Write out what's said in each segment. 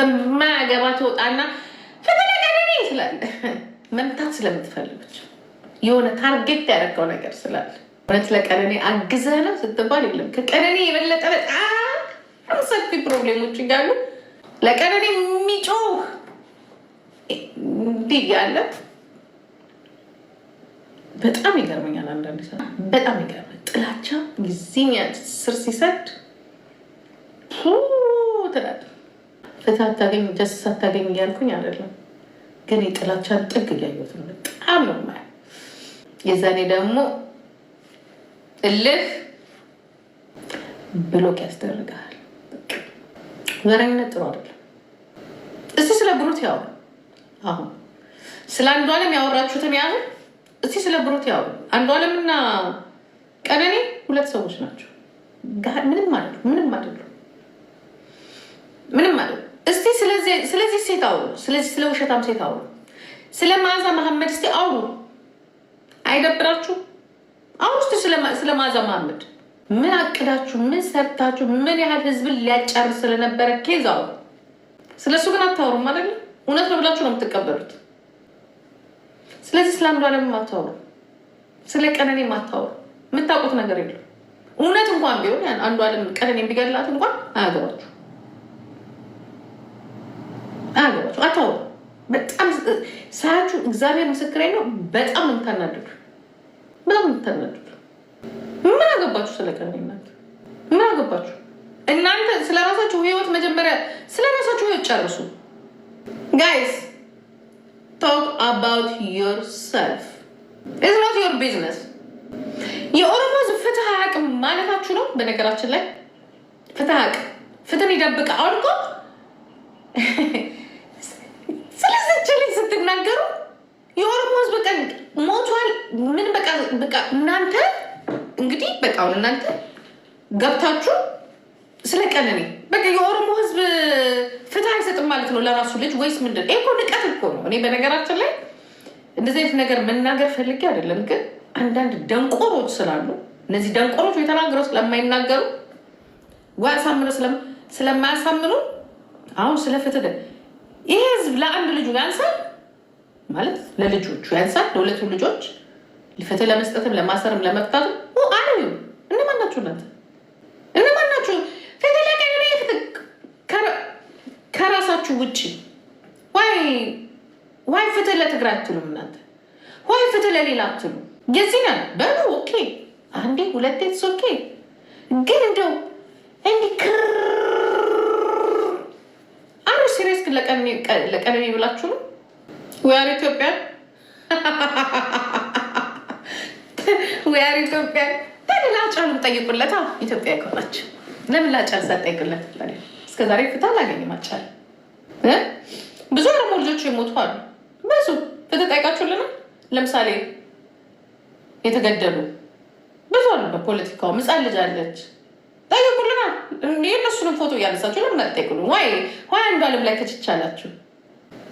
በማያገባ ትወጣና ፍትለቀደኔ ስላለ መምታት ስለምትፈልጉች የሆነ ታርጌት ያደረገው ነገር ስላለ እውነት ለቀነኔ አግዘ ነው ስትባል የለም። ከቀነኔ የበለጠ በጣም ሰፊ ፕሮብሌሞች እያሉ ለቀነኔ የሚጮህ እንዲህ ያለ በጣም ይገርመኛል። አንዳንድ ሰ በጣም ይገርመኛል። ጥላቻ ጊዜ ስር ሲሰድ ትላለች ፍትህ አታገኝ ጀስስ አታገኝ እያልኩኝ አይደለም፣ ግን የጥላቻን ጥግ እያየሁት ነው። በጣም ማ የዛኔ ደግሞ እልህ ብሎክ ያስደርግሃል። ዘረኝነት ጥሩ አይደለም። እስቲ ስለ ብሩት ያው አሁን ስለ አንዱ አለም ያወራችሁትን ያዙ። እስቲ ስለ ብሩት ያው አንዱ አለምና ቀነኔ ሁለት ሰዎች ናቸው። ምንም ምንም ማለት ስለዚህ ሴት አውሩ፣ ስለዚህ ስለ ውሸታም ሴት አውሩ፣ ስለ መዓዛ መሐመድ እስቲ አውሩ። አይደብራችሁ? አሁን ስ ስለ መዓዛ መሐመድ ምን አቅዳችሁ፣ ምን ሰርታችሁ፣ ምን ያህል ህዝብን ሊያጨር ስለነበረ ኬዝ አውሩ። ስለ እሱ ግን አታውሩም አይደለ? እውነት ነው ብላችሁ ነው የምትቀበሉት። ስለዚህ ስለ አንዷለም አታውሩ፣ ስለ ቀነኔ አታውሩ። የምታውቁት ነገር የለም። እውነት እንኳን ቢሆን አለም ቀነኔ ቢገላት እንኳን አያገባችሁ። አገባቸው አታው በጣም ሳያችሁ እግዚአብሔር ምስክሬ ነው። በጣም ነው የምታናድዱ፣ በጣም ነው የምታናድዱ። ምን አገባችሁ ስለ ቀንነት? ምን አገባችሁ እናንተ? ስለ ራሳችሁ ህይወት መጀመሪያ ስለ ራሳችሁ ህይወት ጨርሱ። ጋይስ ቶክ አባውት ዮርሰልፍ ኢዝ ኖት ዮር ቢዝነስ። የኦሮሞ ፍትህ አያውቅም ማለታችሁ ነው። በነገራችን ላይ ፍትህ አያውቅም ፍትህን ይደብቅ አውልቆ ሲናገሩ የኦሮሞ ህዝብ በቃ ሞቷል፣ ምን በቃ በቃ እናንተ እንግዲህ በቃ አሁን እናንተ ገብታችሁ ስለ ቀነኔ በቃ የኦሮሞ ህዝብ ፍትህ አይሰጥም ማለት ነው ለራሱ ልጅ ወይስ ምንድን ነው? ይሄ እኮ ንቀት እኮ ነው። እኔ በነገራችን ላይ እንደዚህ አይነት ነገር መናገር ፈልጌ አይደለም፣ ግን አንዳንድ ደንቆሮች ስላሉ እነዚህ ደንቆሮች የተናገረው ስለማይናገሩ ወይ አሳምነው ስለማያሳምኑ አሁን ስለ ፍትህ ይሄ ህዝብ ለአንድ ልጁ ያንሳል ማለት ለልጆቹ ያንሳል። ለሁለቱ ልጆች ፍትህ ለመስጠትም ለማሰርም ለመፍታትም አለዩ እነማን ናችሁ ናት እነማን ናችሁ? ፍትህ ለቀነ ከራሳችሁ ውጭ ዋይ ፍትህ ለትግራይ አትሉም እናንተ ወይ ፍትህ ለሌላ አትሉ። የዚህ ነው በሉ ኦኬ፣ አንዴ ሁለቴ ኦኬ። ግን እንደው እንዲህ ክር አንዱ ሲሪየስ ለቀነኔ ብላችሁ ነው ወያር ኢትዮጵያ ወያር ኢትዮጵያ ለምን ላጫ ጠይቁለት። ኢትዮጵያ ከሆናችሁ ለምን ላጫ ዛ ጠይቁለት። እስከዛሬ ፍትህ አላገኝም አልቻለም። ብዙ ኦሮሞ ልጆች የሞቱ አሉ። ብዙ ፍትህ ጠይቃችሁልን። ለምሳሌ የተገደሉ ብዙ አሉ። በፖለቲካው ሕፃን ልጅ አለች። ጠይቁልና የእነሱንም ፎቶ እያነሳችሁ ለምን አትጠይቁልን? ዋይ ዋይ አንዱ አለም ላይ ከችቻላችሁ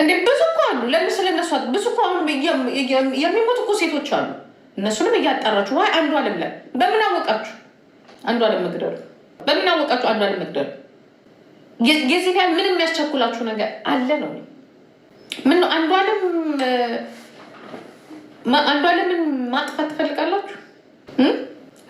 እንዴ ብዙ እኮ አሉ። ለምሳሌ እነሱ ብዙ እኮ አሁን የሚሞቱ እኮ ሴቶች አሉ። እነሱንም እያጣራችሁ ዋይ አንዱ አለም ላይ በምን አወቃችሁ? አንዱ አለም መግደሉ በምን አወቃችሁ? አንዱ አለም መግደሉ የዚህ ላይ ምን የሚያስቸኩላችሁ ነገር አለ ነው? ምነው አንዱ አለም አንዱ አለምን ማጥፋት ትፈልጋላችሁ?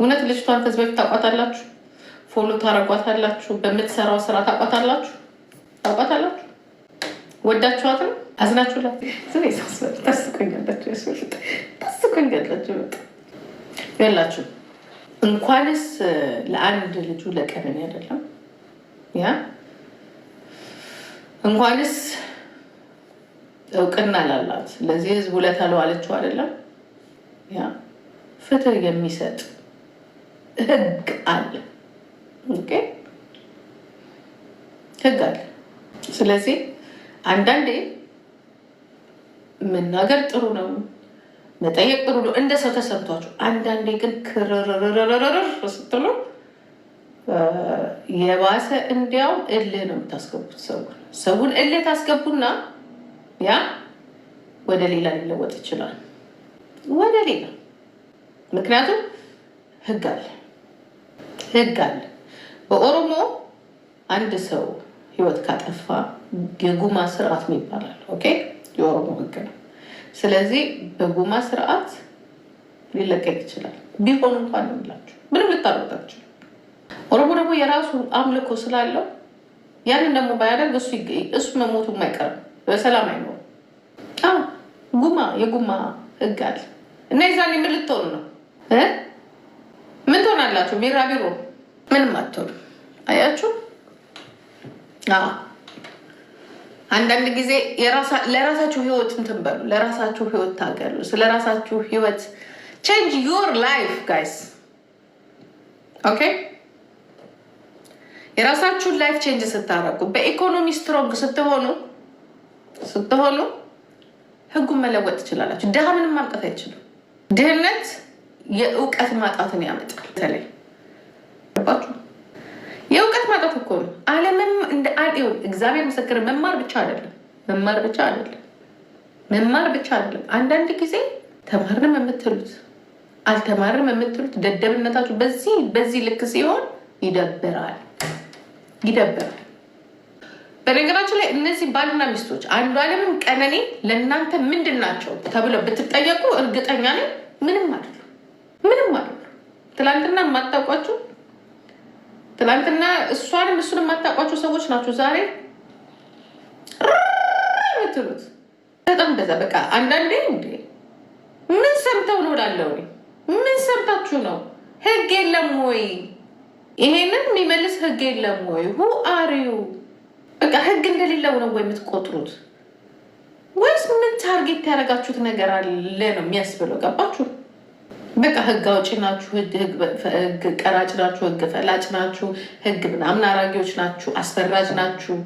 እውነት ልጅቷን ከዚህ በፊት ታውቋታላችሁ? ፎሎ ታረጓታላችሁ? በምትሰራው ስራ ታውቋታላችሁ? ታውቋታላችሁ? ወዳችኋትም አዝናችሁላት ታስቆኛላችሁ ያላችሁ እንኳንስ ለአንድ ልጁ ለቀነኒ አይደለም ያ እንኳንስ እውቅና ላላት ለዚህ ህዝብ ለተለዋለችው ለዋለችው አይደለም ያ ፍትህ የሚሰጥ ህግ አለ ህግ አለ። ስለዚህ አንዳንዴ መናገር ጥሩ ነው፣ መጠየቅ ጥሩ ነው፣ እንደ ሰው ተሰብቷችሁ። አንዳንዴ ግን ክርርርርርር ስትሉ የባሰ እንዲያውም እልህ ነው የምታስገቡት። ሰውን ሰውን እልህ ታስገቡና ያ ወደ ሌላ ሊለወጥ ይችላል፣ ወደ ሌላ ምክንያቱም ህግ አለ፣ ህግ አለ። በኦሮሞ አንድ ሰው ህይወት ካጠፋ የጉማ ስርዓት ይባላል። ኦኬ የኦሮሞ ህግ ነው። ስለዚህ በጉማ ስርዓት ሊለቀቅ ይችላል። ቢሆን እንኳን ነው ምንም ልታረጣችሁ። ኦሮሞ ደግሞ የራሱ አምልኮ ስላለው ያንን ደግሞ ባያደርግ እሱ እሱ መሞቱ አይቀርም፣ በሰላም አይኖርም። ጉማ የጉማ ህግ አለ እና የዛኔ ምን ልትሆኑ ነው? ምን ትሆናላችሁ? ቢራቢሮ ምንም አትሆኑ። አያችሁ አንዳንድ ጊዜ ለራሳችሁ ህይወት እንትን በሉ፣ ለራሳችሁ ህይወት ታገሉ። ስለራሳችሁ ህይወት ቼንጅ ዩር ላይፍ ጋይስ። ኦኬ የራሳችሁን ላይፍ ቼንጅ ስታረጉ፣ በኢኮኖሚ ስትሮንግ ስትሆኑ ስትሆኑ ህጉን መለወጥ ትችላላችሁ። ድሃ ምንም ማምጣት አይችልም። ድህነት የእውቀት ማጣትን ያመጣል። በተለይ እኮ ነው። እንደ እግዚአብሔር ምስክር መማር ብቻ አይደለም፣ መማር ብቻ አይደለም፣ መማር ብቻ አይደለም። አንዳንድ ጊዜ ተማርም የምትሉት አልተማርም የምትሉት ደደብነታችሁ በዚህ በዚህ ልክ ሲሆን ይደብራል፣ ይደብራል። በነገራችን ላይ እነዚህ ባልና ሚስቶች አንዱ አለምም ቀነኔ ለእናንተ ምንድን ናቸው ተብለው ብትጠየቁ እርግጠኛ ነኝ ምንም አይደሉም፣ ምንም አይደሉም። ትላንትና የማታውቋችሁ ትናንትና እሷን እሱን የማታውቋቸው ሰዎች ናቸው ዛሬ የምትሉት። በጣም በዛ። በቃ አንዳንዴ እንዴ ምን ሰምተው ነው እላለሁ። ምን ሰምታችሁ ነው? ህግ የለም ወይ? ይሄንን የሚመልስ ህግ የለም ወይ? ሁ አሪዩ በቃ ህግ እንደሌለው ነው ወይ የምትቆጥሩት? ወይስ ምን ታርጌት ያደረጋችሁት ነገር አለ ነው የሚያስብለው? ገባችሁ? በቃ ህግ አውጪ ናችሁ፣ ህግ ቀራጭ ናችሁ፣ ህግ ፈላጭ ናችሁ፣ ህግ ምናምን አራጊዎች ናችሁ፣ አስፈራጅ ናችሁ፣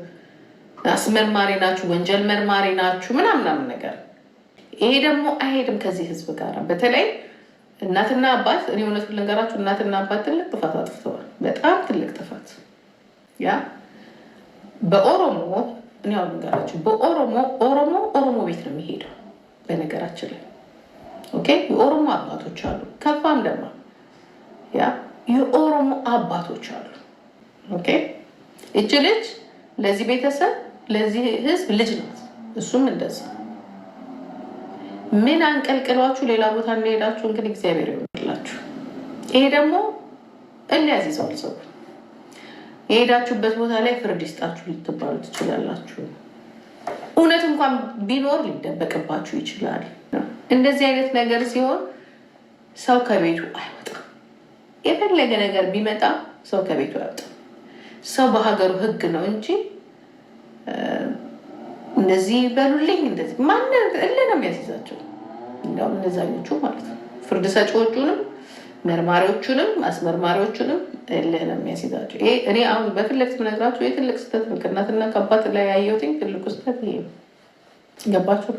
አስመርማሪ ናችሁ፣ ወንጀል መርማሪ ናችሁ ምናምናምን ነገር። ይሄ ደግሞ አይሄድም ከዚህ ህዝብ ጋር። በተለይ እናትና አባት እኔ እውነቱን ልንገራችሁ፣ እናትና አባት ትልቅ ጥፋት አጥፍተዋል። በጣም ትልቅ ጥፋት ያ በኦሮሞ እኔ አሁን ልንገራችሁ፣ በኦሮሞ ኦሮሞ ኦሮሞ ቤት ነው የሚሄደው በነገራችን ላይ ኦኬ የኦሮሞ አባቶች አሉ፣ ከፋም ለማ ያ የኦሮሞ አባቶች አሉ። ኦኬ ልጅ ለዚህ ቤተሰብ ለዚህ ህዝብ ልጅ ናት። እሱም እንደዚህ ምን አንቀልቅሏችሁ ሌላ ቦታ እንደሄዳችሁ እንግዲህ እግዚአብሔር ይሆንላችሁ። ይሄ ደግሞ እንዲያዚዘዋል ሰው የሄዳችሁበት ቦታ ላይ ፍርድ ይስጣችሁ ልትባሉ ትችላላችሁ። እውነት እንኳን ቢኖር ሊደበቅባችሁ ይችላል። እንደዚህ አይነት ነገር ሲሆን ሰው ከቤቱ አይወጣም። የፈለገ ነገር ቢመጣ ሰው ከቤቱ አይወጣም። ሰው በሀገሩ ህግ ነው እንጂ እንደዚህ በሉልኝ እንደዚህ ማን እለ ነው የሚያስይዛቸው? እነዛኞቹ ማለት ነው ፍርድ ሰጪዎቹንም መርማሪዎቹንም አስመርማሪዎቹንም እለ ነው የሚያስይዛቸው። ይሄ እኔ አሁን በፊት ለፊት ምነግራቸው የትልቅ ስህተት ነው። ከእናትና ከአባት ላይ ያየሁትኝ ትልቁ ስህተት ይሄ ነው። ገባችሁ?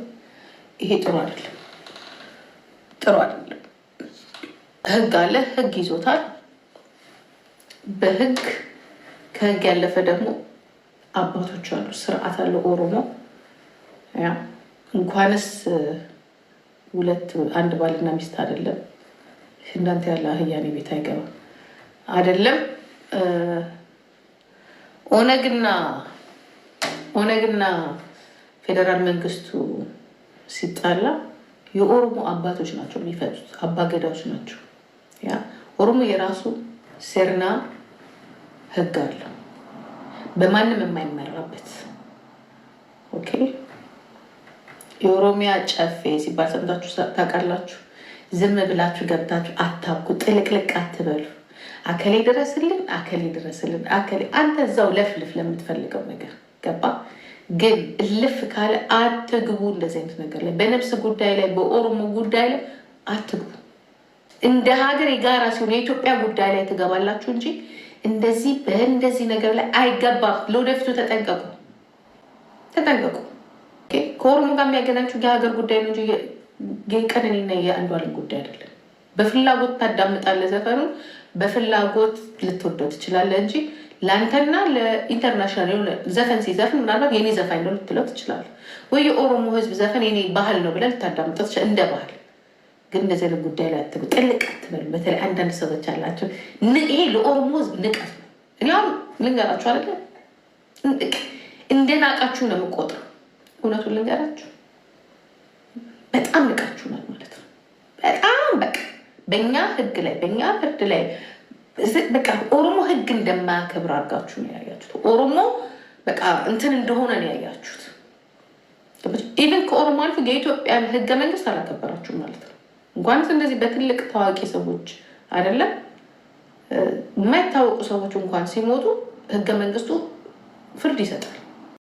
ይሄ ጥሩ አይደለም። ጥሩ አይደለም። ህግ አለ፣ ህግ ይዞታል። በህግ ከህግ ያለፈ ደግሞ አባቶች አሉ፣ ስርዓት አለ። ኦሮሞ እንኳንስ ሁለት አንድ ባልና ሚስት አይደለም እንዳንተ ያለ አህያኔ ቤት አይገባም አይደለም። ኦነግና ኦነግና ፌዴራል መንግስቱ ሲጣላ የኦሮሞ አባቶች ናቸው የሚፈቱት፣ አባገዳዎች ናቸው። ያ ኦሮሞ የራሱ ሴርና ህግ አለው በማንም የማይመራበት። ኦኬ የኦሮሚያ ጨፌ ሲባል ሰምታችሁ ታውቃላችሁ። ዝም ብላችሁ ገብታችሁ አታብቁ፣ ጥልቅልቅ አትበሉ። አከሌ ድረስልን፣ አከሌ ድረስልን፣ አከሌ አንተ እዛው ለፍልፍ ለምትፈልገው ነገር ገባ ግን እልፍ ካለ አትግቡ። እንደዚህ አይነት ነገር ላይ በነብስ ጉዳይ ላይ በኦሮሞ ጉዳይ ላይ አትግቡ። እንደ ሀገር የጋራ ሲሆን የኢትዮጵያ ጉዳይ ላይ ትገባላችሁ እንጂ እንደዚህ በእንደዚህ ነገር ላይ አይገባም። ለወደፊቱ ተጠንቀቁ፣ ተጠንቀቁ። ከኦሮሞ ጋር የሚያገናችሁ የሀገር ጉዳይ ነው እንጂ የቀነኒና የአንዷለም ጉዳይ አይደለም። በፍላጎት ታዳምጣለህ ዘፈኑን፣ በፍላጎት ልትወደው ትችላለህ እንጂ ለአንተና ለኢንተርናሽናል የሆነ ዘፈን ሲዘፍን ምናልባት የኔ ዘፋኝ ነው ልትለው ትችላለህ፣ ወይ የኦሮሞ ህዝብ ዘፈን የኔ ባህል ነው ብለህ ልታዳምጠው ትችላለህ። እንደ ባህል ግን እንደዚህ ዓይነት ጉዳይ ላይ አትበሉ፣ ጥልቅ አትበሉ። በተለይ አንዳንድ ሰዎች አላቸው። ይሄ ለኦሮሞ ህዝብ ንቀት ነው። እኔ አሁን ልንገራችሁ አለ እንደ ናቃችሁ ነው የምቆጥረው። እውነቱን ልንገራችሁ በጣም ንቃችሁናል ማለት ነው። በጣም በቃ በእኛ ህግ ላይ በእኛ ፍርድ ላይ በቃ ኦሮሞ ህግ እንደማያከብር አድርጋችሁ ነው ያያችሁት። ኦሮሞ በቃ እንትን እንደሆነ ነው ያያችሁት። ኢቨን ከኦሮሞ አልፎ የኢትዮጵያን ህገ መንግስት አላከበራችሁ ማለት ነው። እንኳንስ እንደዚህ በትልቅ ታዋቂ ሰዎች አይደለም የማይታወቁ ሰዎች እንኳን ሲሞቱ ህገ መንግስቱ ፍርድ ይሰጣል።